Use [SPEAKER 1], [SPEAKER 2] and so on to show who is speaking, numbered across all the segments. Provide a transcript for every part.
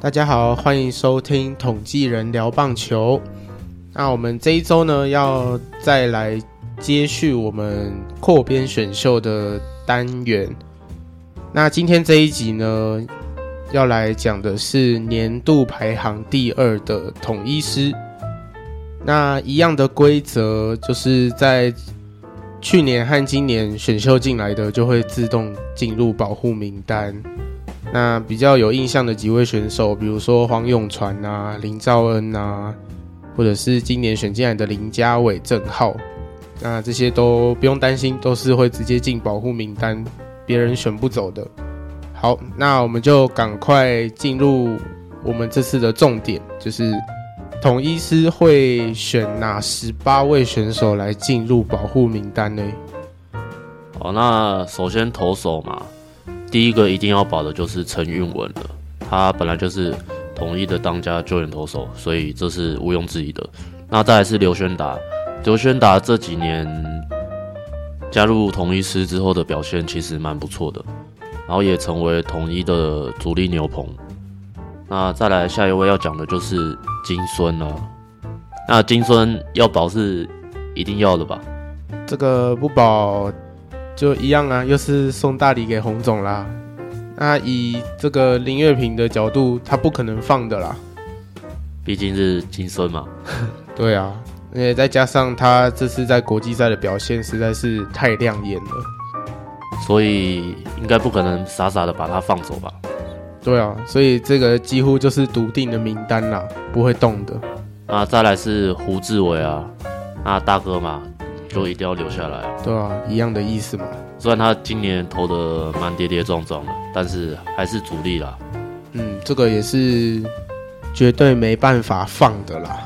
[SPEAKER 1] 大家好，歡迎收聽《統計人聊棒球》。那我們這一周呢，要再來接續我們擴編選秀的單元。那今天這一集呢，要來講的是年度排行第二的統一獅。那一樣的規則，就是在去年和今年選秀進來的，就會自動進入保護名單。那比較有印象的幾位選手，比如說黃永傳啊、林兆恩啊，或者是今年選進來的林家偉、鄭浩，那這些都不用擔心，都是會直接進保護名單，別人選不走的。好，那我們就趕快進入我們這次的重點，就是統一獅會選哪十八位選手來進入保護名單呢？
[SPEAKER 2] 好、哦，那首先投手嘛。第一個一定要保的就是陳韻文了，他本來就是統一的當家救援投手，所以這是毋庸置疑的。那再來是劉軒達，劉軒達這幾年加入統一獅之後的表現其實蠻不錯的，然後也成為統一的主力牛棚。那再來下一位要講的就是金孫了，那金孫要保是一定要的吧？
[SPEAKER 1] 這個不保。就一樣啊，又是送大禮給洪總啦。那以這個林岳平的角度，他不可能放的啦，
[SPEAKER 2] 畢竟是金孫嘛。
[SPEAKER 1] 對啊，而且再加上他這次在國際賽的表現實在是太亮眼了，
[SPEAKER 2] 所以應該不可能傻傻的把他放走吧？
[SPEAKER 1] 嗯、對啊，所以這個幾乎就是篤定的名單啦，不會動的。
[SPEAKER 2] 那再來是胡智為啊，那大哥嘛。就一定要留下來，
[SPEAKER 1] 對啊，一樣的意思嘛。
[SPEAKER 2] 雖然他今年投的蠻跌跌撞撞的，但是還是主力啦。
[SPEAKER 1] 嗯，這個也是絕對沒辦法放的啦。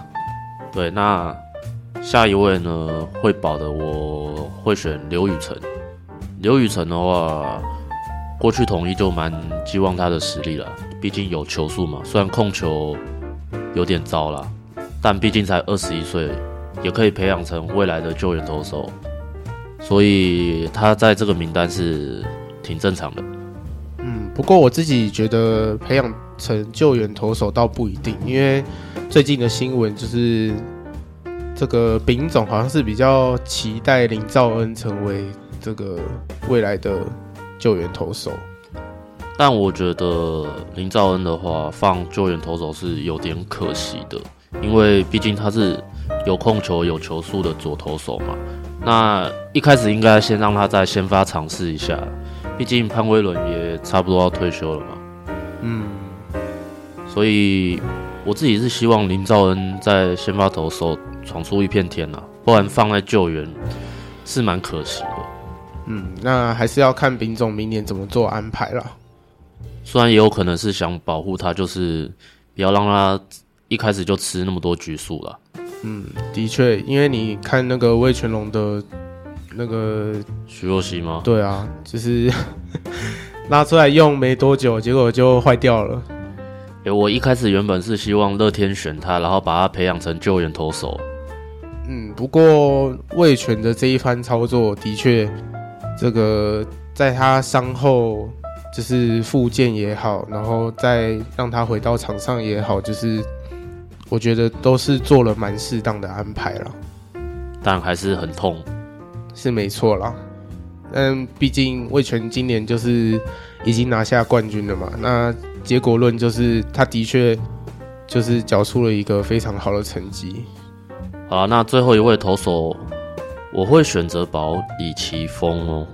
[SPEAKER 2] 對，那下一位呢會保的，我會選劉宇辰。劉宇辰的話，過去統一就蠻寄望他的實力啦，畢竟有球速嘛。雖然控球有點糟啦，但畢竟才二十一歲。也可以培養成未來的救援投手，所以他在這個名單是挺正常的。
[SPEAKER 1] 嗯，不過我自己覺得培養成救援投手倒不一定，因為最近的新聞就是這個餅總好像是比較期待林兆恩成為這個未來的救援投手。但我
[SPEAKER 2] 覺得林兆恩的話放救援投手是有點可惜的，因為畢竟他是。有控球、有球速的左投手嘛？那一開始應該先讓他在先發嘗試一下，畢竟潘威倫也差不多要退休了嘛。嗯，所以我自己是希望林兆恩在先發投手闖出一片天吶、啊，不然放在救援是蠻可
[SPEAKER 1] 惜的。嗯，那還是要看丙總明年怎麼做安排了。
[SPEAKER 2] 雖然也有可能是想保護他，就是不要讓他一開始就吃那麼多
[SPEAKER 1] 局數了。嗯，的確，因為你看那個味全龍的，那個
[SPEAKER 2] 徐若熙嗎？對
[SPEAKER 1] 啊，就是 拉出來用沒多久，結果就壞掉了。
[SPEAKER 2] 欸，我一開始原本是希望樂天選他，然後把他培養成救援投手。
[SPEAKER 1] 嗯，不過味全的這一番操作，的確，這個在他傷後就是復健也好，然後再讓他回到場上也好，就是。我覺得都是做了蠻適當的安排啦，
[SPEAKER 2] 但還是很痛，
[SPEAKER 1] 是沒錯啦。嗯，畢竟魏全今年就是已經拿下冠軍了嘛，那結果論就是他的確就是繳出了一個非常好的成績。
[SPEAKER 2] 好，那最後一位投手，我會選擇保李奇峰哦。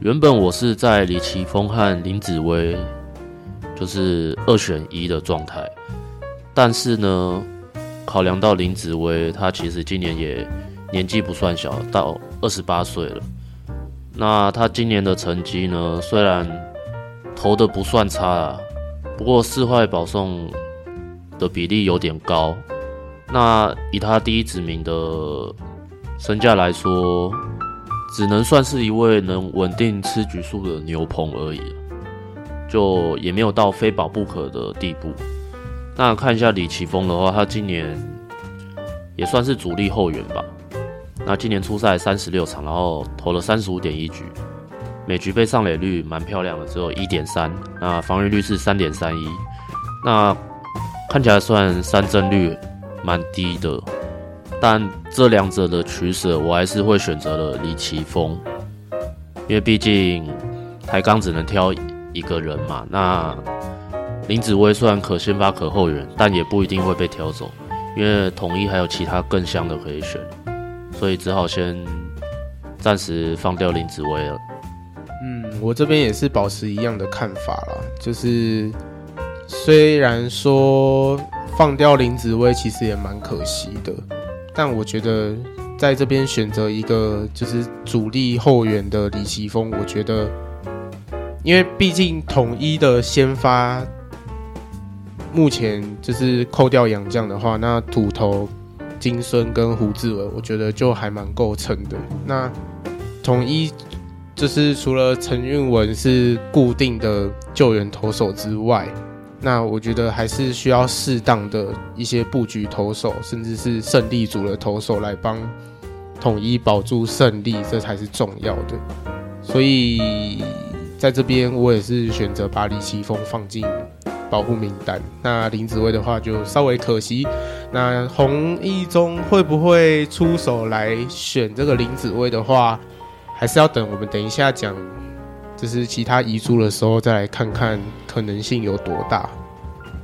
[SPEAKER 2] 原本我是在李奇峰和林子崴，就是二選一的狀態。但是呢，考量到林子崴，他其實今年也年紀不算小，到二十八歲了。那他今年的成績呢，雖然投的不算差啊，不過四壞保送的比例有點高。那以他第一指名的身價來說，只能算是一位能穩定吃局數的牛棚而已，就也沒有到非保不可的地步。那看一下李奇峰的話，他今年也算是主力後援吧。那今年出賽三十六場，然後投了三十五點一局，每局被上壘率蠻漂亮的，只有一點三。那防禦率是三點三一，那看起來算三振率蠻低的。但這兩者的取捨，我還是會選擇了李奇峰，因為畢竟台鋼只能挑一個人嘛。那林子崴雖然可先發可後援，但也不一定會被挑走，因為統一還有其他更香的可以選，所以只好先暫時放掉林子崴了。
[SPEAKER 1] 嗯，我這邊也是保持一樣的看法啦，就是雖然說放掉林子崴其實也蠻可惜的，但我覺得在這邊選擇一個就是主力後援的李奇峰，我覺得，因為畢竟統一的先發。目前就是扣掉洋將的話，那土投、金孫跟胡志文，我覺得就還蠻夠撐的。那統一就是除了陳韻文是固定的救援投手之外，那我覺得還是需要適當的一些布局投手，甚至是勝利組的投手來幫統一保住勝利，這才是重要的。所以在這邊，我也是選擇把李奇峰放進。保護名單。那林子威的話就稍微可惜。那洪一中會不會出手來選這個林子威的話，還是要等我們等一下講，就是其他遺珠的時候再來看看可能性有多大。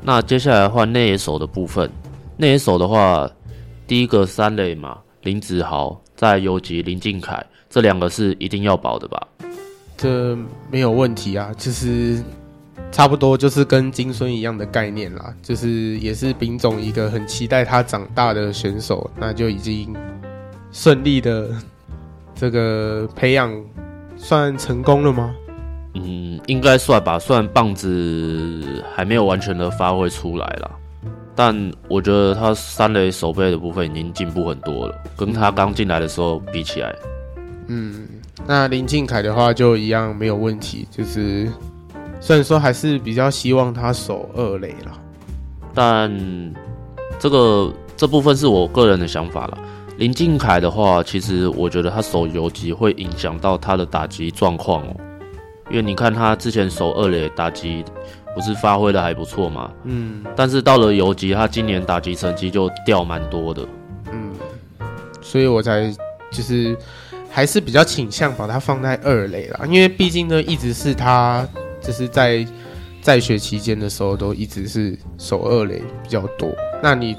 [SPEAKER 2] 那接下來換內野手的部分，內野手的話，第一個三壘嘛，林子豪再有游擊，林靖凱這兩個是一定要保的吧、嗯？
[SPEAKER 1] 這沒有問題啊，就是。差不多就是跟金孫一樣的概念啦，就是也是丙總一個很期待他長大的選手，那就已經順利的這個培養算成功了嗎？嗯，
[SPEAKER 2] 應該算吧。雖然棒子還沒有完全的發揮出來啦。但我覺得他三壘守備的部分已經進步很多了，跟他剛進來的時候比起來。
[SPEAKER 1] 嗯，那林靖凱的話就一樣沒有問題，就是。雖然說還是比較希望他守二壘啦，但這個這部
[SPEAKER 2] 分是我個人的想法啦。林靖凱的話，其實我覺得他守游擊會影響到他的打擊狀況哦，因為你看他之前守二壘打擊不是發揮得還不錯嘛，嗯，但是到了游擊，他今年打擊成績就掉蠻
[SPEAKER 1] 多的，嗯，所以我才就是還是比較傾向把他放在二壘啦，因為畢竟呢一直是他。就是在在學期間的時候，都一直是守二壘比較多。那你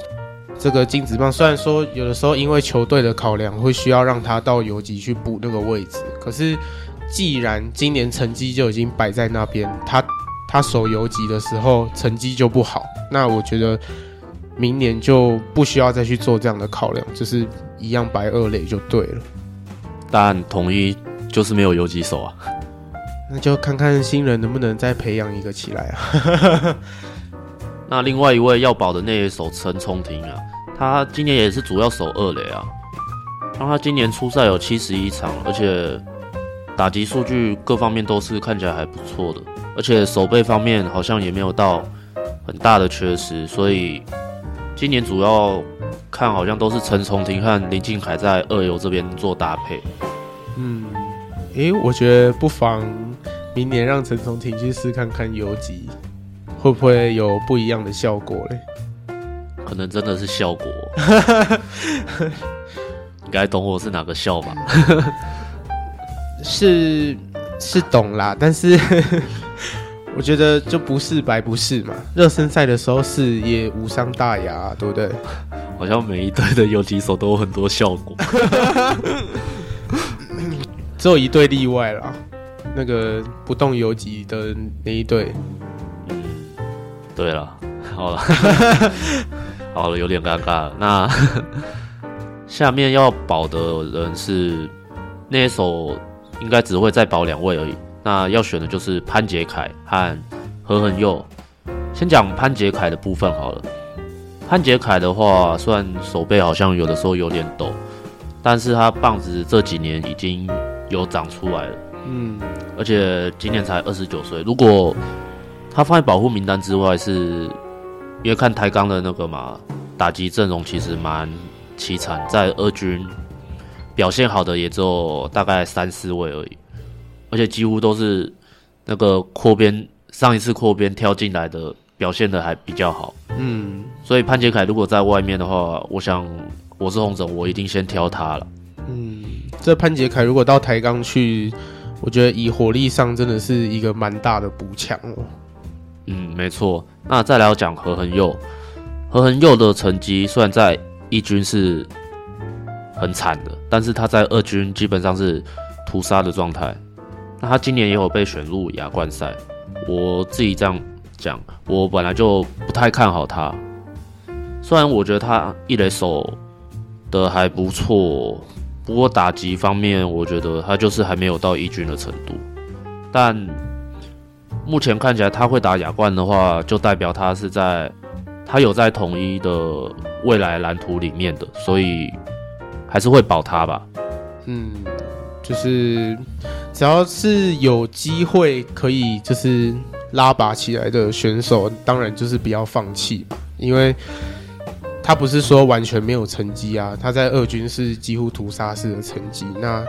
[SPEAKER 1] 這個金子棒，雖然說有的時候因為球隊的考量會需要讓他到游擊去補那個位置，可是既然今年成績就已經擺在那邊，他他守游擊的時候成績就不好，那我覺得明年就不需要再去做這樣的考量，就是一樣擺二壘就對了。
[SPEAKER 2] 但統一就是沒有游擊手啊。
[SPEAKER 1] 那就看看新人能不能再培養一個起來啊 ！
[SPEAKER 2] 那另外一位要保的那一手陳重廷啊，他今年也是主要守二壘啊。那他今年出賽有七十一場，而且打擊數據各方面都是看起來還不錯的，而且守備方面好像也沒有到很大的缺失，所以今年主要看好像都是陳重廷和林靖凱在二游這邊做搭配。嗯，
[SPEAKER 1] 誒、欸，我覺得不妨。明年讓陳重廷去試看看游擊會不會有不一樣的效果嘞？
[SPEAKER 2] 可能真的是效果，你 該懂我是哪個笑吧？
[SPEAKER 1] 是是懂啦，但是 我覺得就不是白不是嘛。熱身賽的時候是也無傷大雅，對不對？好像
[SPEAKER 2] 每一隊的游擊手都有很多效果，
[SPEAKER 1] 只 有 一隊例外啦。那個不動游擊的那一隊，嗯，
[SPEAKER 2] 對了，好了， 好了，有點尷尬了。那下面要保的人是那一手，應該只會再保兩位而已。那要選的就是潘傑楷和何恆佑。先講潘傑楷的部分好了。潘傑楷的話，雖然守備好像有的時候有點抖，但是他棒子這幾年已經有長出來了。嗯，而且今年才二十九歲。如果他放在保護名單之外，是因為看台鋼的那個嘛，打擊陣容其實蠻淒慘，在二軍表現好的也只有大概三四位而已，而且幾乎都是那個擴編上一次擴編挑進來的，表現的還比較好。嗯，所以潘杰凱如果在外面的話，我想我是洪總，我一定先挑他了。
[SPEAKER 1] 嗯，這潘杰凱如果到台鋼去。我覺得以火力上真的是一個蠻大的補強哦。
[SPEAKER 2] 嗯，沒錯。那再來要講何恆佑，何恆佑的成績雖然在一軍是很慘的，但是他在二軍基本上是屠殺的狀態。那他今年也有被選入亞冠賽。我自己這樣講，我本來就不太看好他。雖然我覺得他一壘守得還不錯。不過打擊方面，我覺得他就是還沒有到一軍的程度。但目前看起來，他會打亞冠的話，就代表他是在他有在統一的未來藍圖裡面的，所以還是會保他吧。嗯，
[SPEAKER 1] 就是只要是有機會可以就是拉拔起來的選手，當然就是不要放棄，因為。他不是說完全沒有成績啊，他在二軍是幾乎屠殺式的成績。那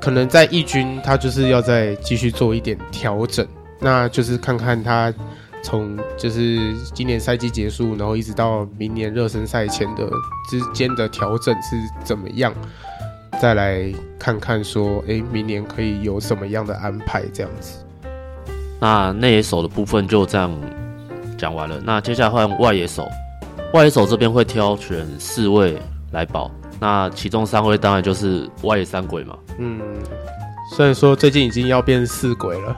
[SPEAKER 1] 可能在一軍，他就是要再繼續做一點調整，那就是看看他從就是今年賽季結束，然後一直到明年熱身賽前的之間的調整是怎麼樣，再來看看說，哎、欸，明年可以有什麼樣的安排這樣子。
[SPEAKER 2] 那內野手的部分就這樣講完了，那接下來換外野手。外野手這邊會挑選四位來保，那其中三位當然就是外三鬼嘛。嗯，
[SPEAKER 1] 雖然說最近已經要變四鬼了，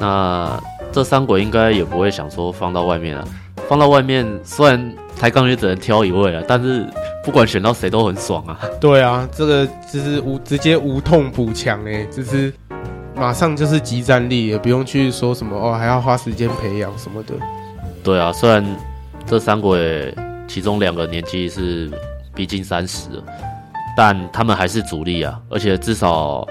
[SPEAKER 2] 那這三鬼應該也不會想說放到外面啊。放到外面雖然台鋼也只能挑一位了，但是不管選到誰都很爽啊。
[SPEAKER 1] 對啊，這個就是無直接無痛補強哎，就是馬上就是即戰力，也不用去說什麼哦，還要花時間培養什麼的。
[SPEAKER 2] 對啊，雖然。這三鬼其中兩個年紀是逼近三十了，但他們還是主力啊！而且至少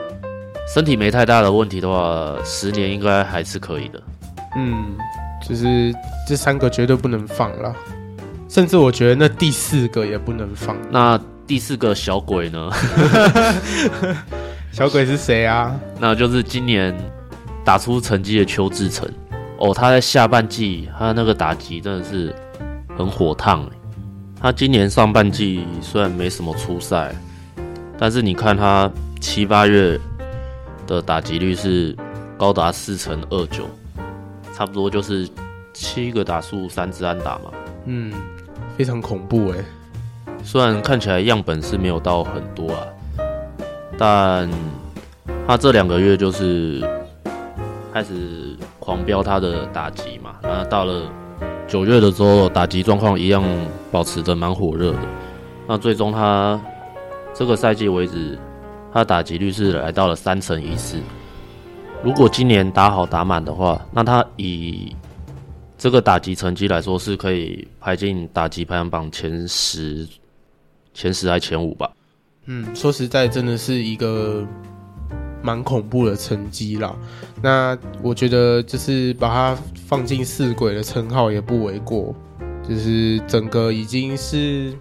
[SPEAKER 2] 身體沒太大的問題的話，十年應該還是可以的。
[SPEAKER 1] 嗯，就是這三個絕對不能放了，甚至我覺得那第四個也不能放。
[SPEAKER 2] 那第四個小鬼呢？
[SPEAKER 1] 小鬼是誰啊？
[SPEAKER 2] 那就是今年打出成績的邱志成哦，他在下半季他那個打擊真的是。很火燙、欸，他今年上半季雖然沒什麼出賽，但是你看他七八月的打擊率是高達四成二九，差不多就是七個打數三支安打嘛。嗯，
[SPEAKER 1] 非常恐怖誒、欸，
[SPEAKER 2] 雖然看起來樣本是沒有到很多啊，但他這兩個月就是開始狂飆他的打擊嘛，然後到了。九月的時候，打擊狀況一樣保持着蠻火熱的。那最終他這個賽季為止，他打擊率是來到了三成一次。如果今年打好打滿的話，那他以這個打擊成績來說，是可以排進打擊排行榜前十、前十還前五吧？嗯，
[SPEAKER 1] 說實在，真的是一個。蠻恐怖的成績啦，那我覺得就是把他放進四鬼的稱號也不為過，就是整個已經是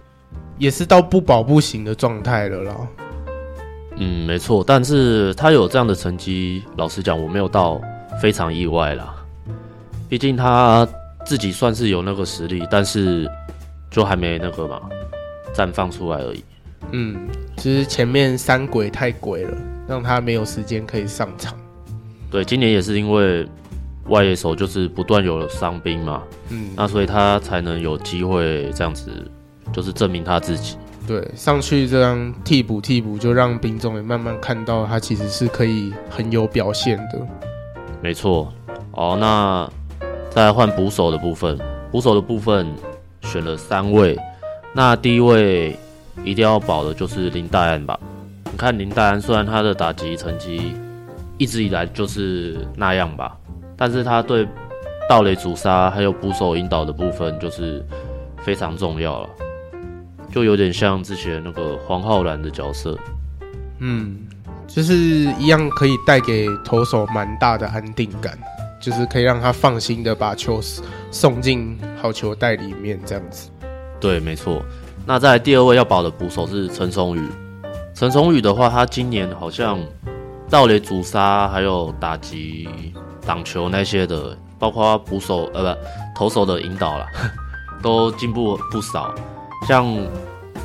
[SPEAKER 1] 也是到不保不行的狀態了啦。
[SPEAKER 2] 嗯，沒錯，但是他有這樣的成績，老實講我沒有到非常意外啦，畢竟他自己算是有那個實力，但是就還沒那個嘛綻放出來而已。嗯，
[SPEAKER 1] 其實前面三鬼太鬼了。讓他沒有時間可以上場，
[SPEAKER 2] 對，今年也是因為外野手就是不斷有傷兵嘛，嗯，那所以他才能有機會這樣子，就是證明他自己。
[SPEAKER 1] 對，上去這樣替補替補，就讓兵種也慢慢看到他其實是可以很有表現的沒。
[SPEAKER 2] 沒錯，哦，那再換捕手的部分，捕手的部分選了三位，那第一位一定要保的就是林岱安吧。看林岱安，雖然他的打擊成績一直以來就是那樣吧，但是他對盜壘、阻殺還有捕手引導的部分就是非常重要了，就有點像之前那個黃浩然的角色，嗯，
[SPEAKER 1] 就是一樣可以帶給投手蠻大的安定感，就是可以讓他放心的把球送進好球帶裡面這樣子。
[SPEAKER 2] 對，沒錯。那在第二位要保的捕手是陳松宇。陳崇宇的話，他今年好像造了阻殺、還有打擊、擋球那些的，包括捕手、呃，不投手的引導啦，都進步不少。像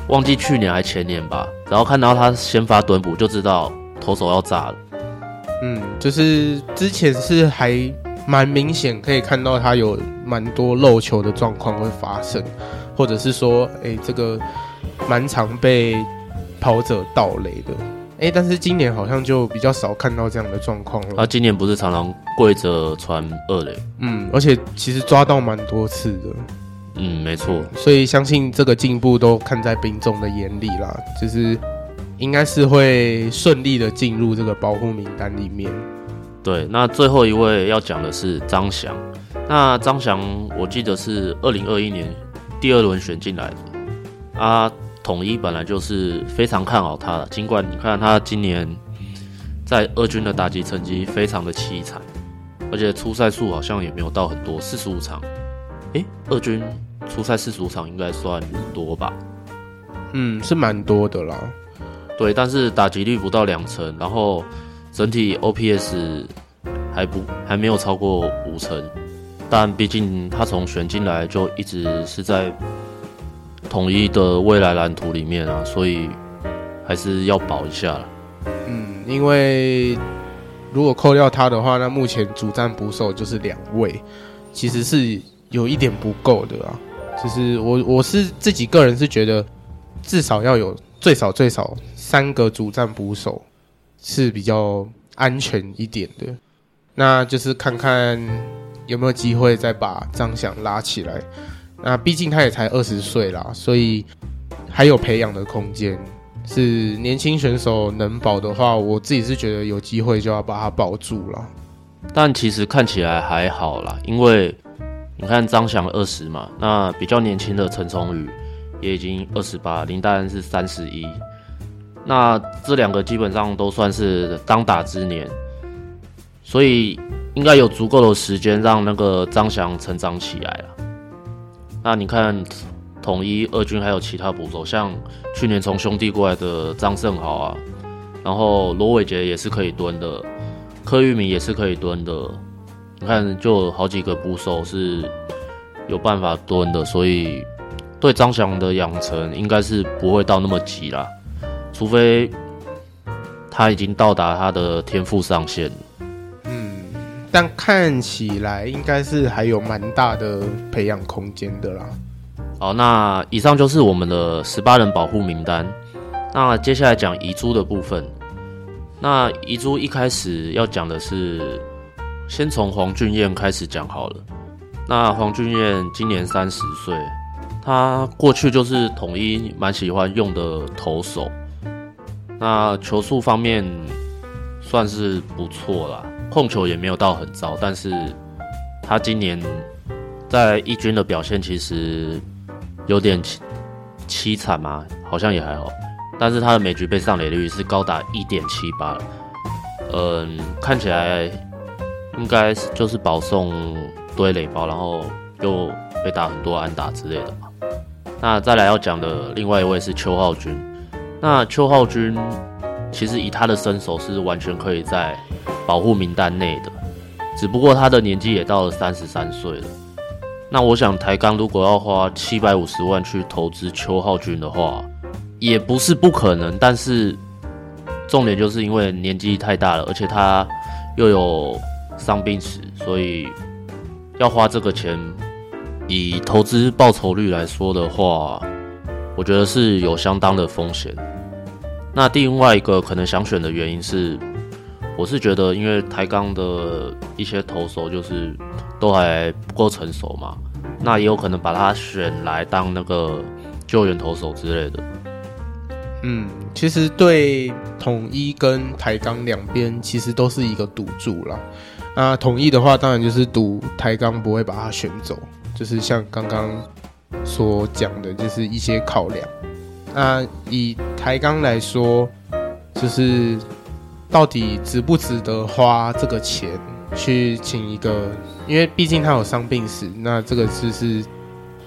[SPEAKER 2] 忘記去年還前年吧，然後看到他先發蹲捕就知道投手要炸了。嗯，
[SPEAKER 1] 就是之前是還蠻明顯可以看到他有蠻多漏球的狀況會發生，或者是說，哎、欸，這個蠻常被。跑者盜壘的，哎、欸，但是今年好像就比較少看到這樣的狀況了。他、啊，
[SPEAKER 2] 今年不是常常跪着傳二壘？嗯，
[SPEAKER 1] 而且其實抓到蠻多次的。嗯，
[SPEAKER 2] 沒錯。
[SPEAKER 1] 所以相信這個進步都看在平總的眼裡啦。就是應該是會順利的進入這個保護名單裡面。
[SPEAKER 2] 對，那最後一位要講的是張翔。那張翔，我記得是二零二一年第二輪選進來的啊。統一本來就是非常看好他的，儘管你看他今年在二軍的打擊成績非常的凄慘，而且出賽數好像也沒有到很多，四十五場。誒、欸，二軍出賽四十五場應該算多吧？
[SPEAKER 1] 嗯，是蠻多的啦。
[SPEAKER 2] 對，但是打擊率不到兩成，然後整體 OPS 還不還沒有超過五成，但畢竟他從選進來就一直是在統一的未來藍圖裡面啊，所以還是要保一下了。嗯，
[SPEAKER 1] 因為如果扣掉他的話，那目前主戰捕手就是兩位，其實是有一點不夠的啊。其實我，我是自己個人是覺得，至少要有最少最少三個主戰捕手是比較安全一點的。那就是看看有沒有機會再把張翔拉起來。那畢竟他也才二十歲啦，所以還有培養的空間。是年輕選手能保的話，我自己是覺得有機會就要把他保住了。
[SPEAKER 2] 但其實看起來還好啦，因為你看張翔二十嘛，那比較年輕的陳崇宇也已經二十八，林岱安是三十一，那這兩個基本上都算是當打之年，所以應該有足夠的時間讓那個張翔成長起來了。那你看，統一二軍還有其他捕手，像去年從兄弟過來的張勝豪啊，然後羅偉傑也是可以蹲的，柯玉明也是可以蹲的。你看，就好幾個捕手是有辦法蹲的，所以對張翔的養成應該是不會到那麼急啦，除非他已經到達他的天賦上限。
[SPEAKER 1] 但看起來應該是還有蠻大的培養空間的啦。
[SPEAKER 2] 好，那以上就是我們的十八人保護名單。那接下來講遺珠的部分。
[SPEAKER 1] 那遺珠一開
[SPEAKER 2] 始要講的是，先從黃俊彥開始講好了。那黃俊彥今年三十歲，他過去就是統一蠻喜歡用的投手。那球速方面算是不錯啦。控球也沒有到很糟，但是他今年在一軍的表現其實有點淒淒慘嘛，好像也還好，但是他的每局被上壘率是高達一點七八，嗯，看起來應該是就是保送堆壘包，然後又被打很多安打之類的。那再來要講的另外一位是邱浩鈞，那邱浩鈞其實以他的身手是完全可以在。保護名單內的，只不過他的年紀也到了三十三歲了。那我想，台鋼如果要花七百五十萬去投資邱浩鈞的話，也不是不可能。但是，重點就是因為年紀太大了，而且他又有傷病史，所以要花這個錢，以投資報酬率來說的話，我覺得是有相當的風險。那另外一個可能想選的原因是，我是覺得，因為台鋼的一些投手就是都還不夠成熟嘛，那也有可能把他選來當那個救援投手之類的。
[SPEAKER 1] 嗯，其實對統一跟台鋼兩邊其實都是一個賭注啦。那、啊、統一的話，當然就是賭台鋼不會把它選走，就是像剛剛所講的，就是一些考量。那、啊、以台鋼來說，就是。到底值不值得花這個錢去請一個？因為畢竟他有傷病史，那這個就是，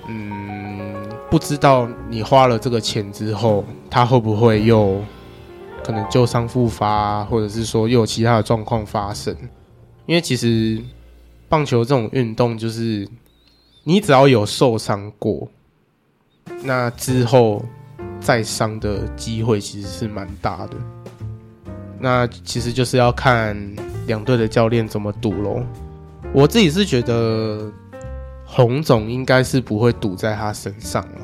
[SPEAKER 1] 嗯，不知道你花了這個錢之後，他會不會又可能舊傷復發，或者是說又有其他的狀況發生？因為其實棒球這種運動，就是你只要有受傷過，那之後再傷的機會其實是蠻大的。那其實就是要看兩隊的教練怎麼賭嘍。我自己是覺得洪總應該是不會賭在他身上了。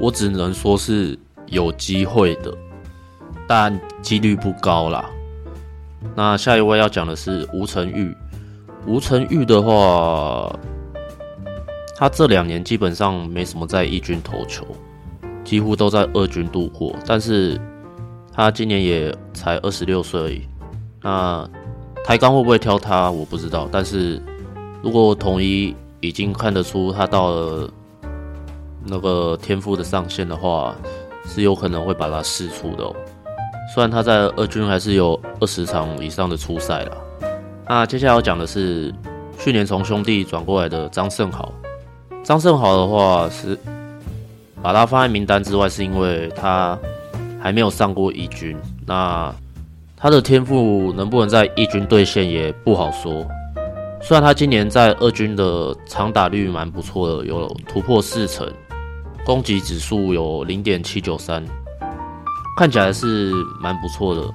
[SPEAKER 2] 我只能說是有機會的，但幾率不高啦。那下一位要講的是吳成玉。吳成玉的話，他這兩年基本上沒什麼在一軍投球，幾乎都在二軍度過，但是。他今年也才二十六歲，那台鋼會不會挑他，我不知道。但是如果統一已經看得出他到了那個天賦的上限的話，是有可能會把他釋出的哦。雖然他在二軍還是有二十場以上的出賽啦。那接下來要講的是去年從兄弟轉過來的張勝豪。張勝豪的話是把他放在名單之外，是因為他。還沒有上過一軍，那他的天賦能不能在一軍兌現也不好說。雖然他今年在二軍的長打率蠻不錯的，有突破四成，攻擊指數有零點七九三，看起來是蠻不錯的。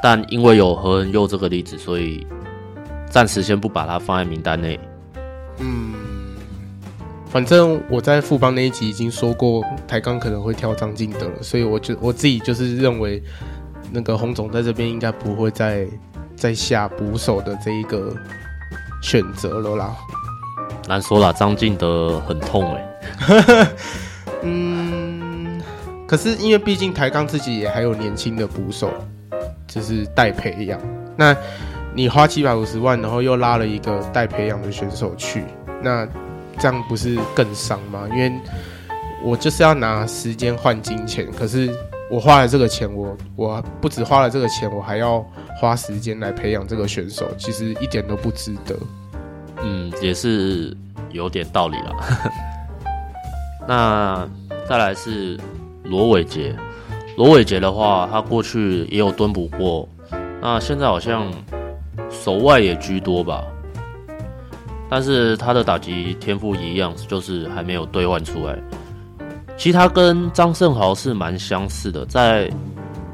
[SPEAKER 2] 但因為有何恩佑這個例子，所以暫時先不把他放在名單內。
[SPEAKER 1] 嗯。反正我在富邦那一集已經說過，台鋼可能會挑張進德了，所以我就我自己就是認為，那個洪總在這邊應該不會再再下捕手的這一個選擇了啦。
[SPEAKER 2] 難說啦，張進德很痛欸。 嗯，
[SPEAKER 1] 可是因為畢竟台鋼自己也還有年輕的捕手，就是待培養。那你花七百五十萬，然後又拉了一個待培養的選手去，那。這樣不是更傷嗎？因為我就是要拿時間換金錢，可是我花了這個錢，我我不止花了這個錢，我還要花時間來培養這個選手，其實一點都不值得。
[SPEAKER 2] 嗯，也是有點道理啦。 那再來是羅偉傑，羅偉傑的話，他過去也有蹲捕過，那現在好像守外也居多吧。但是他的打擊天賦一樣，就是還沒有兌換出來。其實他跟張勝豪是蠻相似的，在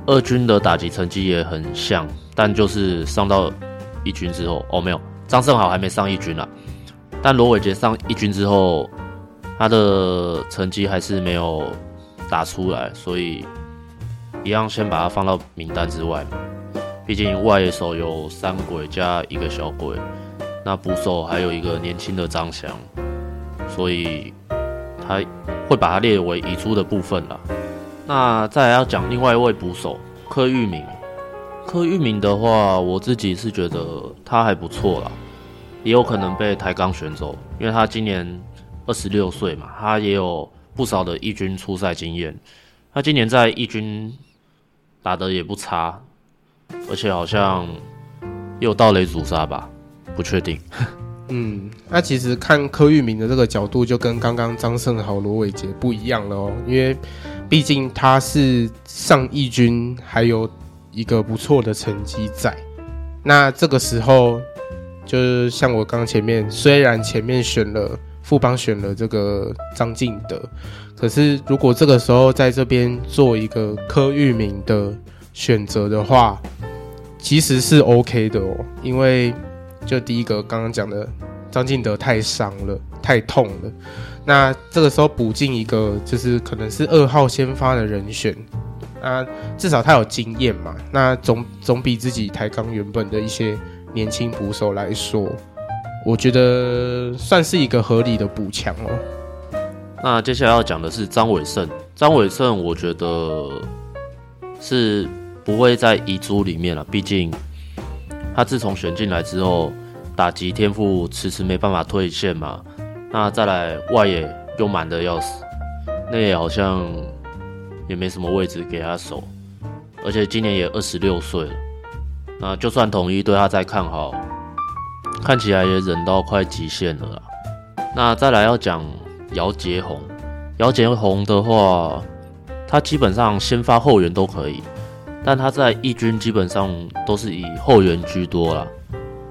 [SPEAKER 2] 二軍的打擊成績也很像，但就是上到一軍之後，哦，沒有，張勝豪還沒上一軍啦。但羅偉杰上一軍之後，他的成績還是沒有打出來，所以一樣先把他放到名單之外。畢竟外野手有三鬼加一個小鬼。那捕手還有一個年輕的張翔，所以他會把他列為遺珠的部分了。那再來要講另外一位捕手柯玉明。柯玉明的話，我自己是覺得他還不錯啦，也有可能被台鋼選走，因為他今年二十六歲嘛，他也有不少的一軍出賽經驗，他今年在一軍打得也不差，而且好像又盜壘阻殺吧？不確定
[SPEAKER 1] 嗯，那、啊、其實看柯玉明的這個角度，就跟剛剛張勝豪、羅偉傑不一樣了哦。因為畢竟他是上一軍，還有一個不錯的成績在。那這個時候，就是像我剛前面，雖然前面選了富邦選了這個張進德，可是如果這個時候在這邊做一個柯玉明的選擇的話，其實是 OK 的哦，因為。就第一個剛剛講的張進德太傷了，太痛了。那這個時候補進一個，就是可能是二號先發的人選。那至少他有經驗嘛，那總總比自己台鋼原本的一些年輕捕手來說，我覺得算是一個合理的補強哦。
[SPEAKER 2] 那接下來要講的是張瑋勝，張瑋勝我覺得是不會在遺珠裡面了，畢竟。他自從選進來之後，打擊天賦遲遲沒辦法兌現嘛，那再來外野又滿的要死，內野好像也沒什麼位置給他守，而且今年也二十六歲了，那就算統一對他再看好，看起來也忍到快極限了啦。那再來要講姚杰宏，姚杰宏的話，他基本上先發後援都可以。但他在一軍基本上都是以後援居多啦，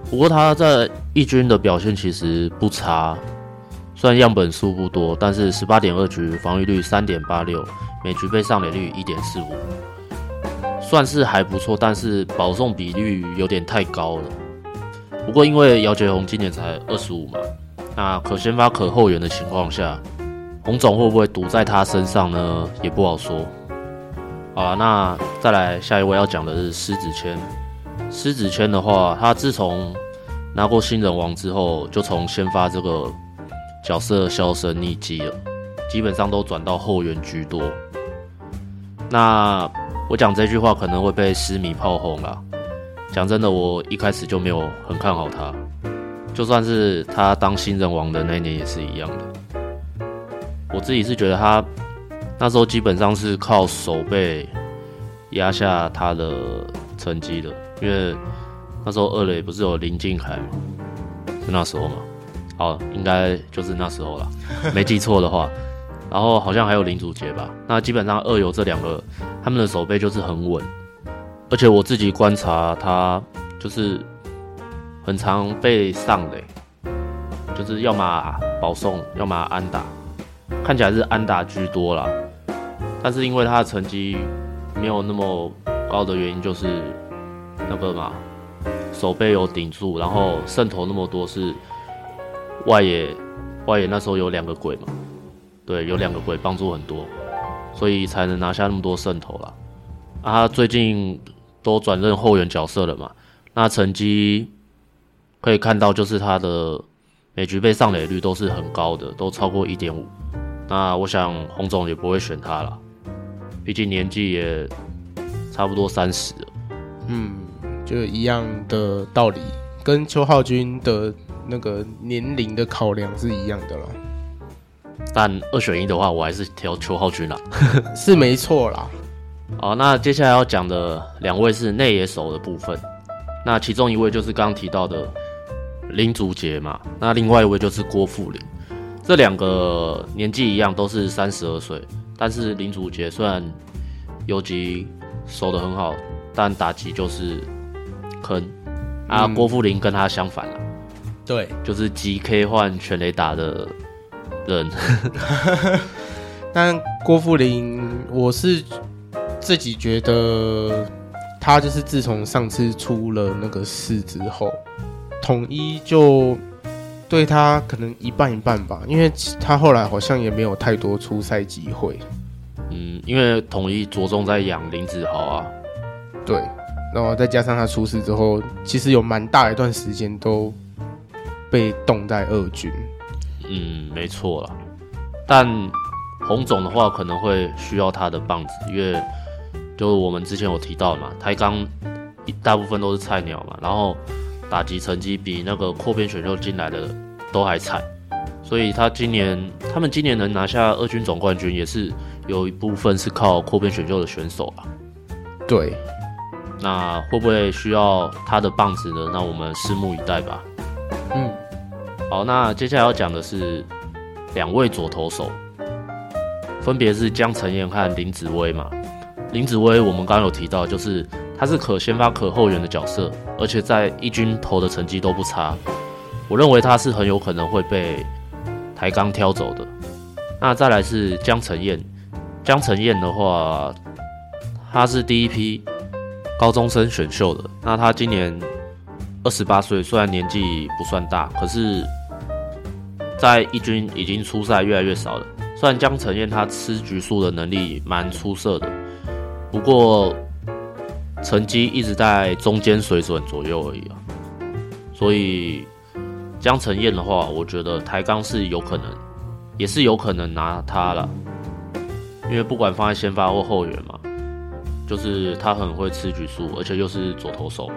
[SPEAKER 2] 不過他在一軍的表現其實不差，雖然樣本數不多，但是十八點二局防禦率三點八六，每局被上壘率一點四五，算是還不錯，但是保送比率有點太高了。不過因為姚杰宏今年才二十五嘛，那可先發可後援的情況下，紅總會不會賭在他身上呢？也不好說。好了，那再來下一位要講的是施子謙。施子謙的話，他自從拿過新人王之後，就從先發這個角色銷聲匿跡了，基本上都轉到後援居多。那我講這句話可能會被獅迷炮轟啦。講真的，我一開始就沒有很看好他，就算是他當新人王的那一年也是一樣的。我自己是覺得他。那時候基本上是靠守備壓下他的成績的，因為那時候二壘不是有林靖凱嗎？就那時候嗎？好，應該就是那時候了，沒記錯的話。然後好像還有林祖杰吧。那基本上二游這兩個，他們的守備就是很穩，而且我自己觀察他就是很常被上壘，就是要嘛保送，要嘛安打。看起來是安打居多啦，但是因為他的成績沒有那麼高的原因，就是那個嘛，守備有頂住，然後勝投那麼多是外野，外野那時候有兩個鬼嘛，對，有兩個鬼幫助很多，所以才能拿下那麼多勝投啦。了、啊。他最近都轉任後援角色了嘛，那成績可以看到就是他的。每局被上壘率都是很高的，都超過一點五。那我想洪總也不會選他了，畢竟年紀也差不多三十了。嗯，
[SPEAKER 1] 就一樣的道理，跟邱浩君的那個年齡的考量是一樣的了。
[SPEAKER 2] 但二選一的話，我還是挑邱浩君啦，
[SPEAKER 1] 是沒錯錯啦。
[SPEAKER 2] 好，那接下來要講的兩位是內野手的部分，那其中一位就是剛剛提到的。林祖傑嘛，那另外一位就是郭富林，這兩個年紀一樣，都是三十二歲。但是林祖傑雖然游擊守得很好，但打擊就是坑啊。郭富林跟他相反、啊嗯、對，就是 GK 換全壘打的人。
[SPEAKER 1] 但郭富林，我是自己覺得他就是自從上次出了那個事之後。統一就對他可能一半一半吧，因為他後來好像也沒有太多出賽機會。
[SPEAKER 2] 嗯，因為統一着重在養林子豪啊。
[SPEAKER 1] 對，然後再加上他出事之後，其實有蠻大一段時間都被凍在二軍。
[SPEAKER 2] 嗯，沒錯啦。但洪總的話可能會需要他的棒子，因為就我們之前有提到嘛，台鋼大部分都是菜鳥嘛，然後。打擊成績比那個擴編選秀進來的都還慘，所以他今年他們今年能拿下二軍總冠軍，也是有一部分是靠擴編選秀的選手吧。
[SPEAKER 1] 對，
[SPEAKER 2] 那會不會需要他的棒子呢？那我們拭目以待吧。嗯，好，那接下來要講的是兩位左投手，分別是江承諺和林子崴嘛。林子崴，我們剛剛有提到，就是。他是可先發可後援的角色，而且在一軍投的成績都不差，我認為他是很有可能會被台鋼挑走的。那再來是江承諺，江承諺的話，他是第一批高中生選秀的。那他今年二十八歲，雖然年紀不算大，可是在一軍已經出賽越來越少了。雖然江承諺他吃局數的能力蠻出色的，不過。成績一直在中間水準左右而已啊，所以江晨燕的話，我覺得台鋼是有可能，也是有可能拿他了，因為不管放在先發或後援嘛，就是他很會吃局數，而且又是左投手，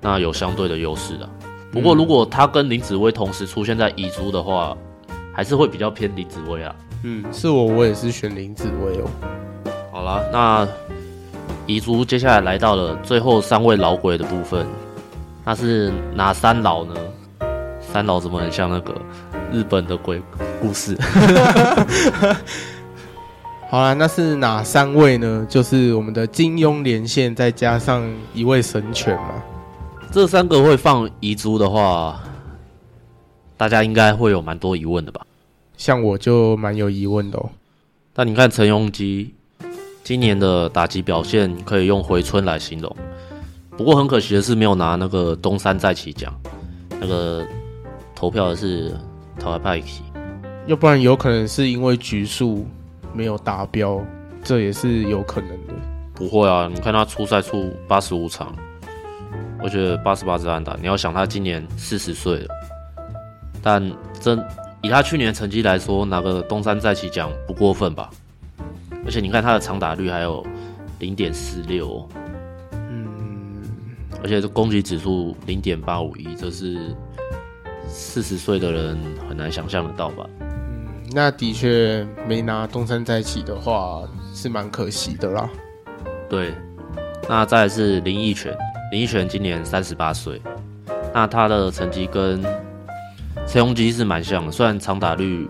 [SPEAKER 2] 那有相對的優勢的。不過如果他跟林子薇同時出現在乙組的話，還是會比較偏林子薇啊。嗯，
[SPEAKER 1] 是我，我也是選林子薇哦。好
[SPEAKER 2] 啦，那。遺珠接下來來到了最後三位老鬼的部分，那是哪三老呢？三老怎麼很像那個日本的鬼
[SPEAKER 1] 故事？ 好啦，那是哪三位呢？就是我們的金鏞連線，再加上一位神犬嘛。
[SPEAKER 2] 這三個會放遺珠的話，大家應該會有蠻多疑問的
[SPEAKER 1] 吧？像我就蠻有疑問的
[SPEAKER 2] 哦。但你看陳鏞基。今年的打擊表現可以用回春來形容，不過很可惜的是沒有拿那個東山再起獎，那個投票的是陶派奇，
[SPEAKER 1] 要不然有可能是因為局數沒有達標，這也是有可能的。
[SPEAKER 2] 不會啊，你看他初賽出八十五場，我覺得八十八支安打。你要想他今年四十歲了，但真以他去年成績來說，拿個東山再起獎不過分吧。而且你看他的長打率還有零點四六，嗯，而且這攻擊指數零點八五一，這是四十歲的人很難想象得到
[SPEAKER 1] 吧？嗯，那的確沒拿東山再起的話是蠻可惜的啦。
[SPEAKER 2] 對，那再來是林益全，林益全今年三十八歲，那他的成績跟陳鏞基是蠻像的，雖然長打率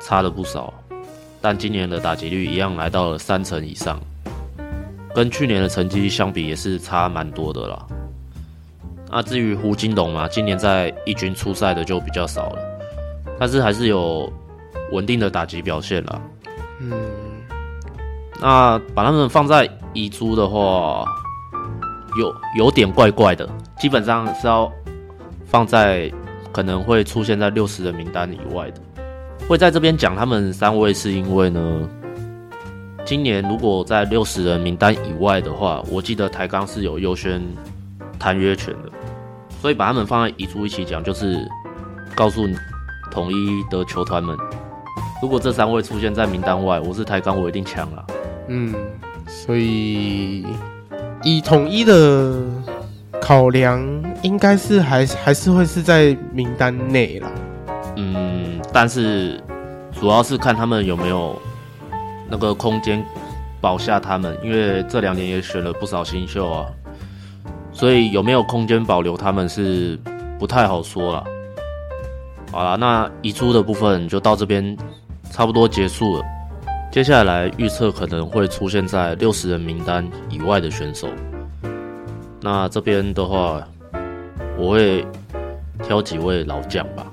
[SPEAKER 2] 差了不少。但今年的打擊率一樣來到了三成以上，跟去年的成績相比也是差蠻多的啦。那至於胡金龍嘛，今年在一軍出賽的就比較少了，但是還是有穩定的打擊表現啦。嗯，那把他們放在遺珠的話，有有點怪怪的，基本上是要放在可能會出現在六十人的名單以外的。會在這邊講他們三位，是因為呢，今年如果在六十人名單以外的話，我記得台鋼是有優先談約權的，所以把他們放在一組一起講，就是告訴統一的球團們，如果這三位出現在名單外，我是台鋼，我一定搶
[SPEAKER 1] 了，啊。嗯，所以以統一的考量，應該是還是還是會是在名單內啦。嗯，
[SPEAKER 2] 但是主要是看他們有沒有那個空間保下他們，因為這兩年也選了不少新秀啊，所以有沒有空間保留他們是不太好說了。好了，那移出的部分就到這邊差不多結束了。接下來預測可能會出現在六十人名單以外的選手，那這邊的話我會挑幾位老將吧。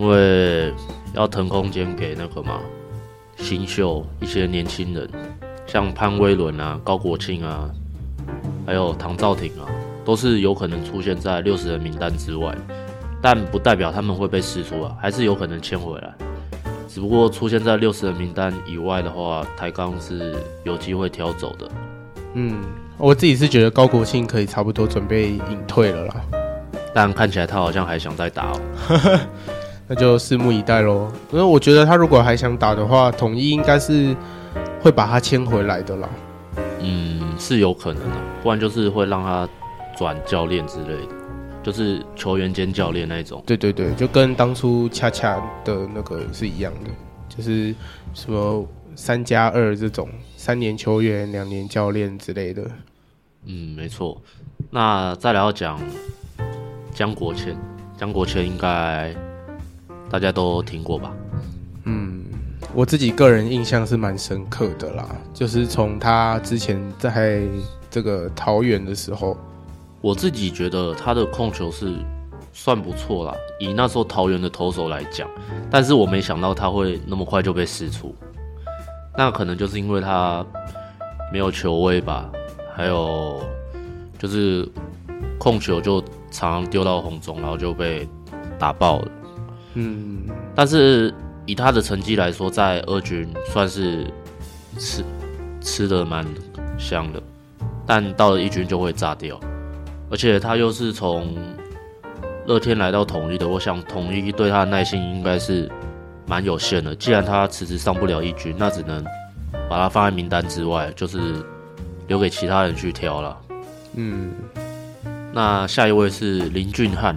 [SPEAKER 2] 因為要騰空間給那個嘛新秀，一些年輕人，像潘威倫啊、高國慶啊，還有唐肇廷啊，都是有可能出現在六十人名單之外，但不代表他們會被釋出啊，還是有可能簽回來。只不過出現在六十人名單以外的話，台鋼是有機會挑走的。
[SPEAKER 1] 嗯，我自己是覺得高國慶可以差不多準備隱退了啦，
[SPEAKER 2] 但看起來他好像還想再打，喔。
[SPEAKER 1] 那就拭目以待嘍，因為我覺得他如果還想打的話，統一應該是會把他簽回來的啦。嗯，
[SPEAKER 2] 是有可能的，不然就是會讓他轉教練之類的，就是球員兼教練那一種。
[SPEAKER 1] 對對對，就跟當初恰恰的那個是一樣的，就是什麼三加二這種，三年球員，兩年教練之類的。
[SPEAKER 2] 嗯，沒錯。那再來要講江國謙，江國謙應該、嗯。大家都聽
[SPEAKER 1] 過吧？嗯，我自己個人印象是蠻深刻的啦。就是從他之前在這個桃園的時候，我自己覺得
[SPEAKER 2] 他的控球是算不錯啦，以那時候桃園的投手來講。但是我沒想到他會那麼快就被釋出，那可能就是因為他沒有球威吧，還有就是控球就常常丟到紅中，然後就被打爆了。嗯，但是以他的成績來說，在二軍算是吃吃的蠻香的，但到了一軍就會炸掉，而且他又是從樂天來到統一的，我想統一對他的耐心應該是蠻有限的。既然他遲遲上不了一軍，那只能把他放在名單之外，就是留給其他人去挑了。嗯，那下一位是林俊翰，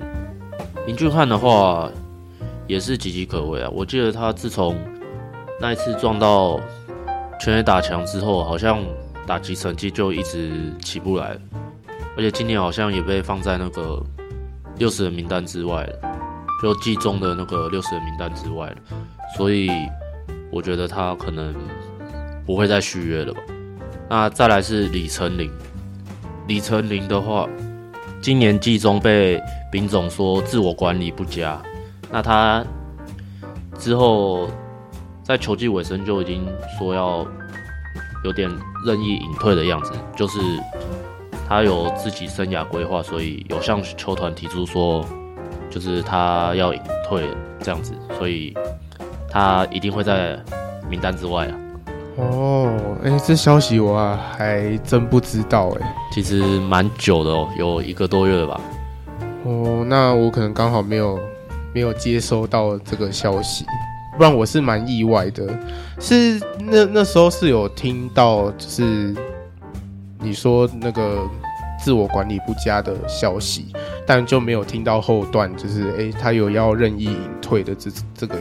[SPEAKER 2] 林俊翰的話。也是岌岌可危啊！我記得他自從那一次撞到全壘打牆之後，好像打擊成績就一直起不來，而且今年好像也被放在那個六十人名單之外了，就季中的那個六十人名單之外了。所以我覺得他可能不會再續約了吧。那再來是李成林，李成林的話，今年季中被平總說自我管理不佳。那他之後在球季尾聲就已經說要有點任意引退的樣子，就是他有自己生涯規劃，所以有向球團提出說，就是他要引退這樣子，所以他一定會在名單之外啊。
[SPEAKER 1] 哦，哎，這消息我還真不知道哎。其實蠻久的哦，有一個多月了吧。哦，那我可能剛好沒有。沒有接收到這個消息，不然我是蠻意外的。是那那時候是有聽到，就是你說那個自我管理不佳的消息，但就沒有聽到後段，就是哎、欸，他有要任意引退的這這個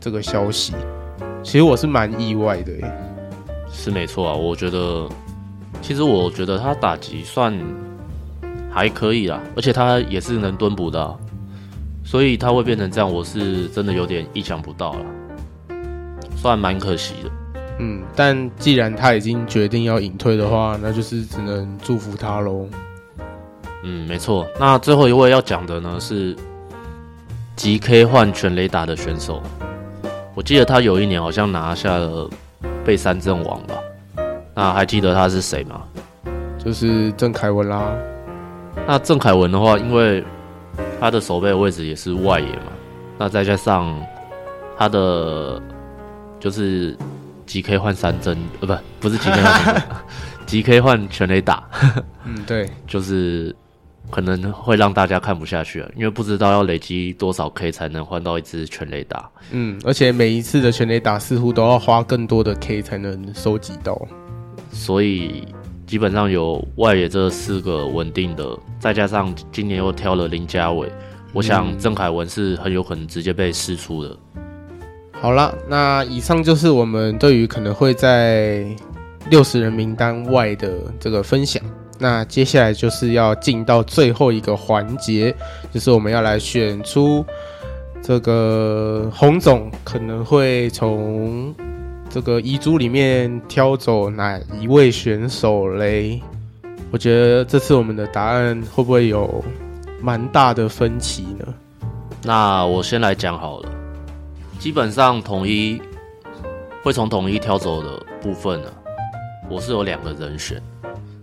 [SPEAKER 1] 這個消息。其實我是蠻意外的、欸。
[SPEAKER 2] 是沒錯啊，我覺得，其實我覺得他打擊算還可以啦，而且他也是能蹲捕的。所以他會變成這樣，我是真的有點意想不到了，算蠻可惜的。嗯，
[SPEAKER 1] 但既然他已經決定要引退的話，那就是只能祝福他嘍。嗯，沒錯。
[SPEAKER 2] 那最後一位要講的呢是，GK 換全壘打的選手，我記得他有一年好像拿下了被三振王吧？那還記得他是誰嗎？
[SPEAKER 1] 就是鄭鎧文啦。
[SPEAKER 2] 那鄭鎧文的話，因為。他的守備位置也是外野嘛，那再加上他的就是幾 K 換三振，呃，不，不是幾 K 換三振， 幾 K 換全壘打。 嗯，對，就是可能會讓大家看不下去了，因為不知道要累積多少 K 才能換到一支全壘打。
[SPEAKER 1] 嗯，而且每一次的全壘打似乎都要花更多的 K 才能收集到，
[SPEAKER 2] 所以。基本上有外野這四個穩定的，再加上今年又挑了林家偉、嗯，我想鄭凱文是很有可能直接被釋出的。
[SPEAKER 1] 好了，那以上就是我們對於可能會在六十人名單外的這個分享。那接下來就是要進到最後一個環節，就是我們要來選出這個洪總，可能會從。這個遺珠裡面挑走哪一位選手嘞？我覺得這次我們的答案會不會有蠻大的分歧呢？
[SPEAKER 2] 那我先來講好了，基本上統一會從統一挑走的部分呢、啊，我是有兩個人選，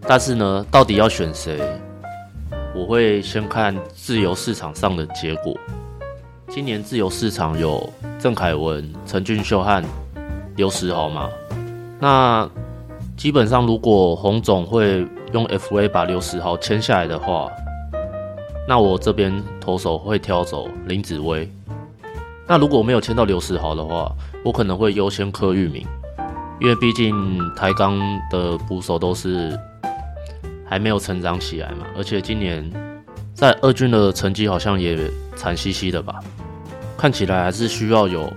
[SPEAKER 2] 但是呢，到底要選誰，我會先看自由市場上的結果。今年自由市場有鄭凱文、陳俊秀和。劉時豪嘛，那基本上如果洪總會用 FA 把劉時豪簽下來的話，那我這邊投手會挑走林子崴。那如果我沒有簽到劉時豪的話，我可能會優先柯玉明，因為畢竟台鋼的捕手都是還沒有成長起來嘛，而且今年在二軍的成績好像也慘兮兮的吧，看起來還是需要有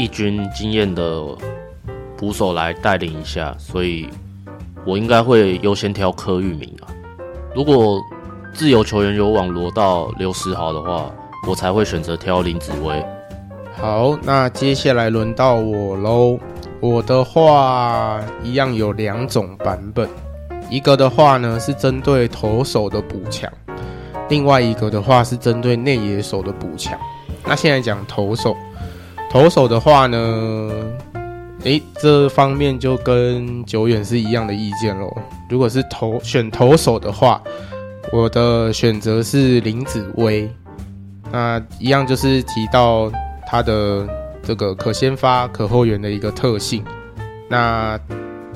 [SPEAKER 2] 一軍經驗的捕手來帶領一下，所以我應該會優先挑柯玉明啊。如果自由球員有網羅到劉時豪的話，我才會選擇挑林子威。
[SPEAKER 1] 好，那接下來輪到我嘍。我的話一樣有兩種版本，一個的話呢是針對投手的補強，另外一個的話是針對內野手的補強。那現在講投手。投手的話呢，哎、欸，這方面就跟久遠是一樣的意見嘍。如果是投選投手的話，我的選擇是林子威。那一樣就是提到他的這個可先發、可後援的一個特性。那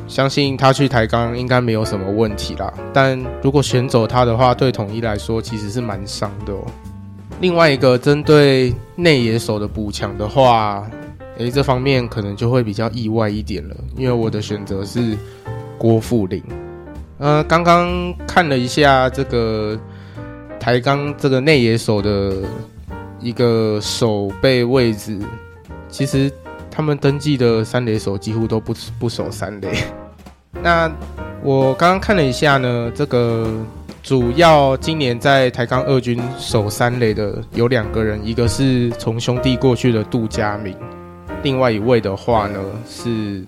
[SPEAKER 1] 相信他去台鋼應該沒有什麼問題啦。但如果選走他的話，對統一來說其實是蠻傷的哦、喔。另外一個針對內野手的補強的話，誒、欸，這方面可能就會比較意外一點了，因為我的選擇是郭富林。呃，剛剛看了一下這個台鋼這個內野手的一個守備位置，其實他們登記的三壘手幾乎都不不守三壘。那我剛剛看了一下呢，這個。主要今年在台鋼二軍守三壘的有兩個人，一個是從兄弟過去的杜家明，另外一位的話呢是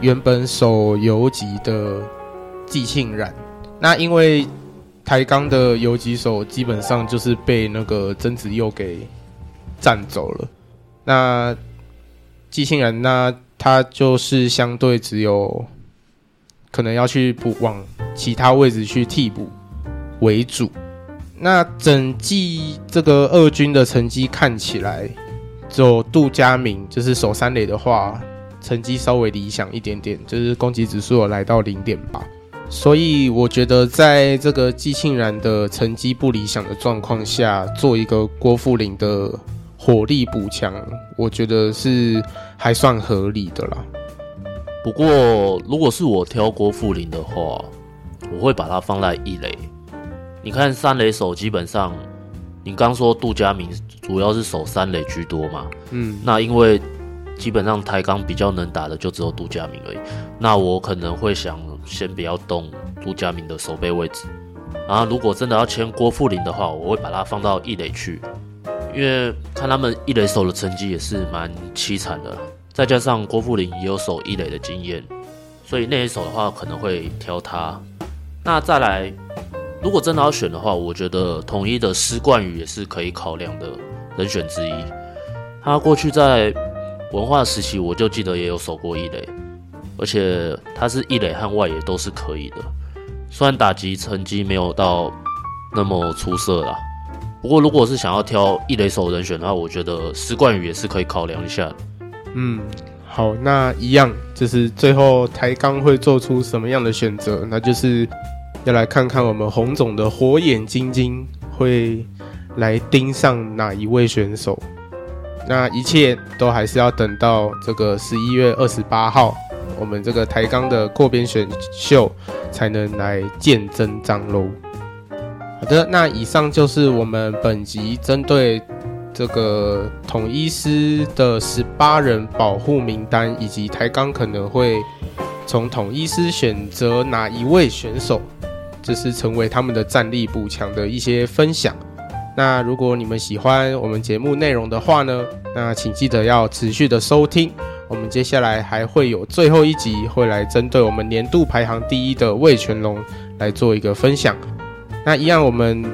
[SPEAKER 1] 原本守游擊的紀慶然。那因為台鋼的游擊手基本上就是被那個曾子佑給佔走了，那紀慶然呢，他就是相對只有可能要去補往其他位置去替補。為主，那整季這個二軍的成績看起來家，就杜家明就是守三壘的話，成績稍微理想一點點，就是攻擊指數有來到零點八，所以我覺得在這個紀慶然的成績不理想的狀況下，做一個郭富林的火力補強，我覺得是還算合理的啦。不過如果是我挑
[SPEAKER 2] 郭富林的話，我會把它放在一壘。你看三壘手基本上，你剛說杜家明主要是守三壘居多嘛？嗯，那因為基本上台鋼比較能打的就只有杜家明而已。那我可能會想先不要動杜家明的守備位置。然後如果真的要簽郭富林的話，我會把他放到一壘去，因為看他們一壘手的成績也是蠻淒慘的。再加上郭富林也有守一壘的經驗，所以那一手的話可能會挑他。那再來。如果真的要選的話，我覺得統一的施冠宇也是可以考量的人選之一。他過去在文化時期，我就記得也有守過一壘，而且他是一壘和外野都是可以的。雖然打擊成績沒有到那麼出色啦，不過如果是想要挑一壘手的人選的話，我覺得施冠宇也是可以考量一
[SPEAKER 1] 下。嗯，好，那一樣就是最後台鋼會做出什麼樣的選擇，那就是。要來看看我們洪總的火眼金睛會來盯上哪一位選手？那一切都還是要等到這個十一月二十八號，我們這個台鋼的擴編選秀才能來見真章嘍。好的，那以上就是我們本集針對這個統一獅的十八人保護名單，以及台鋼可能會從統一獅選擇哪一位選手。這是成為他們的戰力補強的一些分享。那如果你們喜歡我們節目內容的話呢，那請記得要持續的收聽。我們接下來還會有最後一集，會來針對我們年度排行第一的味全龍來做一個分享。那一樣，我們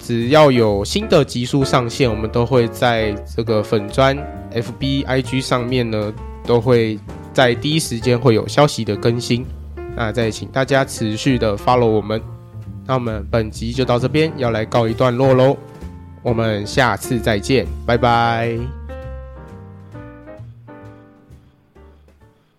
[SPEAKER 1] 只要有新的集數上線，我們都會在這個粉專 FBIG 上面呢，都會在第一時間會有消息的更新。那再請大家持續的 follow 我們，那我們本集就到這邊，要來告一段落嘍，我們下次再見，拜拜。